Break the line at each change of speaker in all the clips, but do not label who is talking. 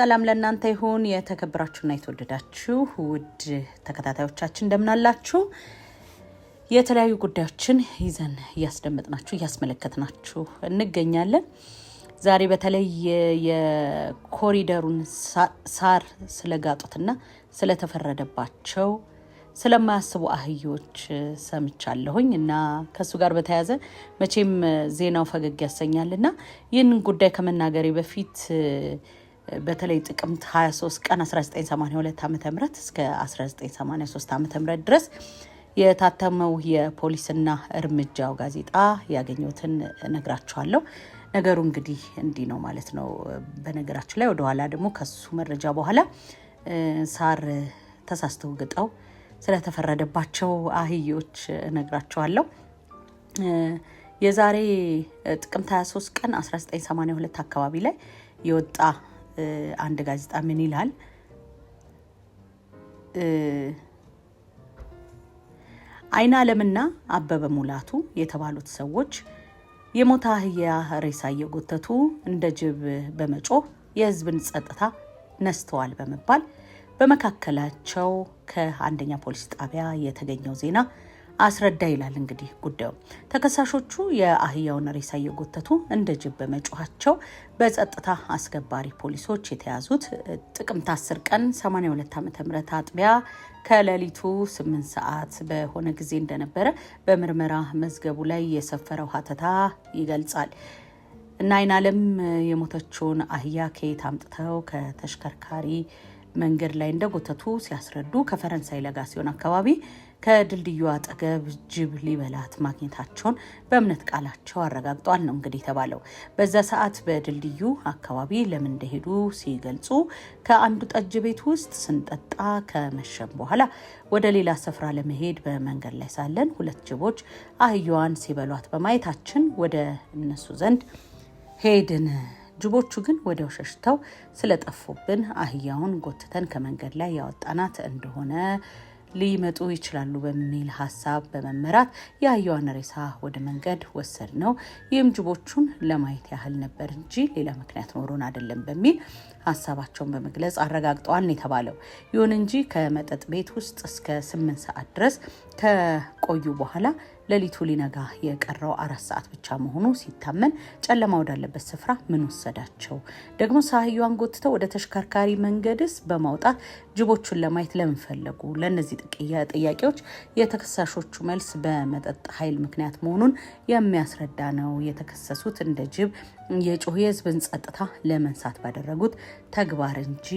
ሰላም ለእናንተ ይሁን። የተከበራችሁና የተወደዳችሁ ውድ ተከታታዮቻችን እንደምናላችሁ የተለያዩ ጉዳዮችን ይዘን እያስደመጥናችሁ እያስመለከትናችሁ እንገኛለን። ዛሬ በተለይ የኮሪደሩን ሳር ስለጋጡትና ስለተፈረደባቸው ስለማያስቡ አህዮች ሰምቻለሁኝ እና ከእሱ ጋር በተያያዘ መቼም ዜናው ፈገግ ያሰኛልና ይህንን ጉዳይ ከመናገሬ በፊት በተለይ ጥቅምት 23 ቀን 1982 ዓ ም እስከ 1983 ዓ ም ድረስ የታተመው የፖሊስና እርምጃው ጋዜጣ ያገኘሁትን ነግራችኋለሁ። ነገሩ እንግዲህ እንዲህ ነው ማለት ነው። በነገራችን ላይ ወደኋላ ደግሞ ከሱ መረጃ በኋላ ሳር ተሳስተው ግጠው ስለተፈረደባቸው አህዮች ነግራችኋለሁ። የዛሬ ጥቅምት 23 ቀን 1982 አካባቢ ላይ የወጣ አንድ ጋዜጣ ምን ይላል? አይነ አለምና አበበ ሙላቱ የተባሉት ሰዎች የሞታ አህያ ሬሳ እየጎተቱ እንደ ጅብ በመጮህ የሕዝብን ጸጥታ ነስተዋል በመባል በመካከላቸው ከአንደኛ ፖሊስ ጣቢያ የተገኘው ዜና አስረዳ ይላል። እንግዲህ ጉዳዩ ተከሳሾቹ የአህያውን ሬሳ እየጎተቱ እንደ ጅብ በመጮኋቸው በጸጥታ አስከባሪ ፖሊሶች የተያዙት ጥቅምት 10 ቀን 82 ዓ ም አጥቢያ ከሌሊቱ 8 ሰዓት በሆነ ጊዜ እንደነበረ በምርመራ መዝገቡ ላይ የሰፈረው ሀተታ ይገልጻል። እና አይን አለም የሞተችውን አህያ ከየት አምጥተው ከተሽከርካሪ መንገድ ላይ እንደጎተቱ ሲያስረዱ ከፈረንሳይ ለጋሲዮን አካባቢ ከድልድዩ አጠገብ ጅብ ሊበላት ማግኘታቸውን በእምነት ቃላቸው አረጋግጧል ነው እንግዲህ የተባለው። በዛ ሰዓት በድልድዩ አካባቢ ለምን እንደሄዱ ሲገልጹ ከአንዱ ጠጅ ቤት ውስጥ ስንጠጣ ከመሸም በኋላ ወደ ሌላ ስፍራ ለመሄድ በመንገድ ላይ ሳለን ሁለት ጅቦች አህያዋን ሲበሏት በማየታችን ወደ እነሱ ዘንድ ሄድን። ጅቦቹ ግን ወዲያው ሸሽተው ስለጠፉብን አህያውን ጎትተን ከመንገድ ላይ ያወጣናት እንደሆነ ሊመጡ ይችላሉ በሚል ሀሳብ በመመራት የአህያዋን ሬሳ ወደ መንገድ ወሰድ ነው። ይህም ጅቦቹን ለማየት ያህል ነበር እንጂ ሌላ ምክንያት ኖሮን አይደለም በሚል ሀሳባቸውን በመግለጽ አረጋግጠዋል ነው የተባለው። ይሁን እንጂ ከመጠጥ ቤት ውስጥ እስከ ስምንት ሰዓት ድረስ ከቆዩ በኋላ ሌሊቱ ሊነጋ የቀረው አራት ሰዓት ብቻ መሆኑ ሲታመን ጨለማ ወዳለበት ስፍራ ምን ወሰዳቸው? ደግሞ ሳህያዋን ጎትተው ወደ ተሽከርካሪ መንገድስ በማውጣት ጅቦቹን ለማየት ለምን ፈለጉ? ለእነዚህ ጥያቄዎች የተከሳሾቹ መልስ በመጠጥ ኃይል ምክንያት መሆኑን የሚያስረዳ ነው። የተከሰሱት እንደ ጅብ የጮህ የህዝብን ጸጥታ ለመንሳት ባደረጉት ተግባር እንጂ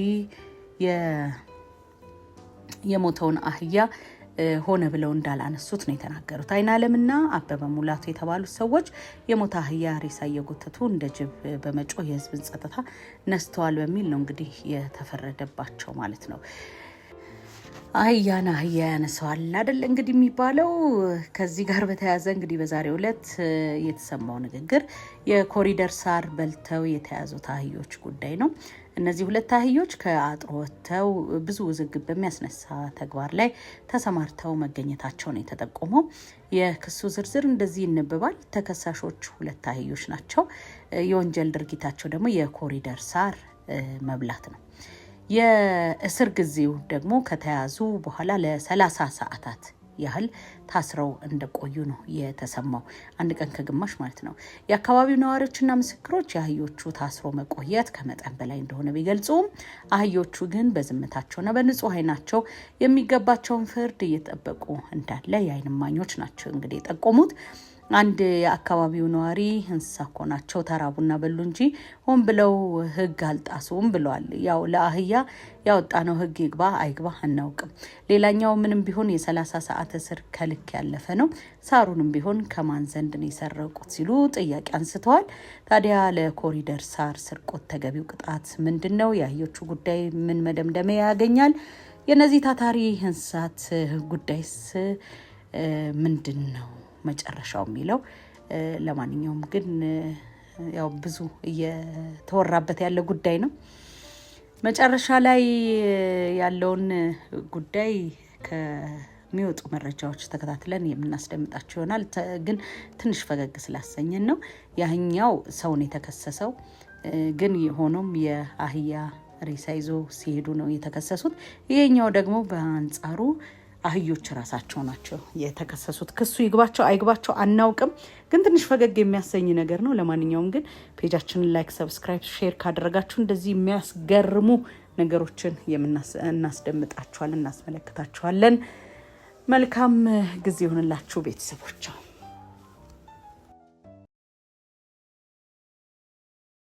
የሞተውን አህያ ሆነ ብለው እንዳላነሱት ነው የተናገሩት። አይን አለምና አበበ ሙላቱ የተባሉት ሰዎች የሞታ አህያ ሬሳ እየጎተቱ እንደ ጅብ በመጮህ የህዝብን ጸጥታ ነስተዋል በሚል ነው እንግዲህ የተፈረደባቸው ማለት ነው። አህያን አህያ ያነሰዋል አደለ እንግዲህ የሚባለው። ከዚህ ጋር በተያያዘ እንግዲህ በዛሬው ዕለት የተሰማው ንግግር የኮሪደር ሳር በልተው የተያዙት አህዮች ጉዳይ ነው። እነዚህ ሁለት አህዮች ከአጥር ወጥተው ብዙ ውዝግብ በሚያስነሳ ተግባር ላይ ተሰማርተው መገኘታቸውን የተጠቆመው የክሱ ዝርዝር እንደዚህ ይነበባል። ተከሳሾች ሁለት አህዮች ናቸው። የወንጀል ድርጊታቸው ደግሞ የኮሪደር ሳር መብላት ነው። የእስር ጊዜው ደግሞ ከተያዙ በኋላ ለሰላሳ ሰዓታት ያህል ታስረው እንደቆዩ ነው የተሰማው። አንድ ቀን ከግማሽ ማለት ነው። የአካባቢው ነዋሪዎችና ምስክሮች የአህዮቹ ታስሮ መቆየት ከመጠን በላይ እንደሆነ ቢገልጹም አህዮቹ ግን በዝምታቸውና በንጹህ አይናቸው የሚገባቸውን ፍርድ እየጠበቁ እንዳለ የዓይን እማኞች ናቸው እንግዲህ የጠቆሙት። አንድ የአካባቢው ነዋሪ እንስሳ እኮ ናቸው ተራቡና በሉ እንጂ ሆን ብለው ህግ አልጣሱም ብለዋል። ያው ለአህያ ያወጣነው ህግ ይግባ አይግባ አናውቅም። ሌላኛው ምንም ቢሆን የሰላሳ ሰዓት እስር ከልክ ያለፈ ነው። ሳሩንም ቢሆን ከማን ዘንድ ነው የሰረቁት ሲሉ ጥያቄ አንስተዋል። ታዲያ ለኮሪደር ሳር ስርቆት ተገቢው ቅጣት ምንድን ነው? የአህዮቹ ጉዳይ ምን መደምደሚያ ያገኛል? የእነዚህ ታታሪ እንስሳት ጉዳይስ ምንድን ነው? መጨረሻው የሚለው ለማንኛውም ግን ያው ብዙ እየተወራበት ያለ ጉዳይ ነው። መጨረሻ ላይ ያለውን ጉዳይ ከሚወጡ መረጃዎች ተከታትለን የምናስደምጣቸው ይሆናል። ግን ትንሽ ፈገግ ስላሰኘን ነው። ያህኛው ሰውን የተከሰሰው ግን ሆኖም የአህያ ሬሳ ይዞ ሲሄዱ ነው የተከሰሱት። ይሄኛው ደግሞ በአንጻሩ አህዮች ራሳቸው ናቸው የተከሰሱት። ክሱ ይግባቸው አይግባቸው አናውቅም፣ ግን ትንሽ ፈገግ የሚያሰኝ ነገር ነው። ለማንኛውም ግን ፔጃችንን ላይክ፣ ሰብስክራይብ፣ ሼር ካደረጋችሁ እንደዚህ የሚያስገርሙ ነገሮችን እናስደምጣችኋለን፣ እናስመለክታችኋለን። መልካም ጊዜ ይሆንላችሁ ቤተሰቦች።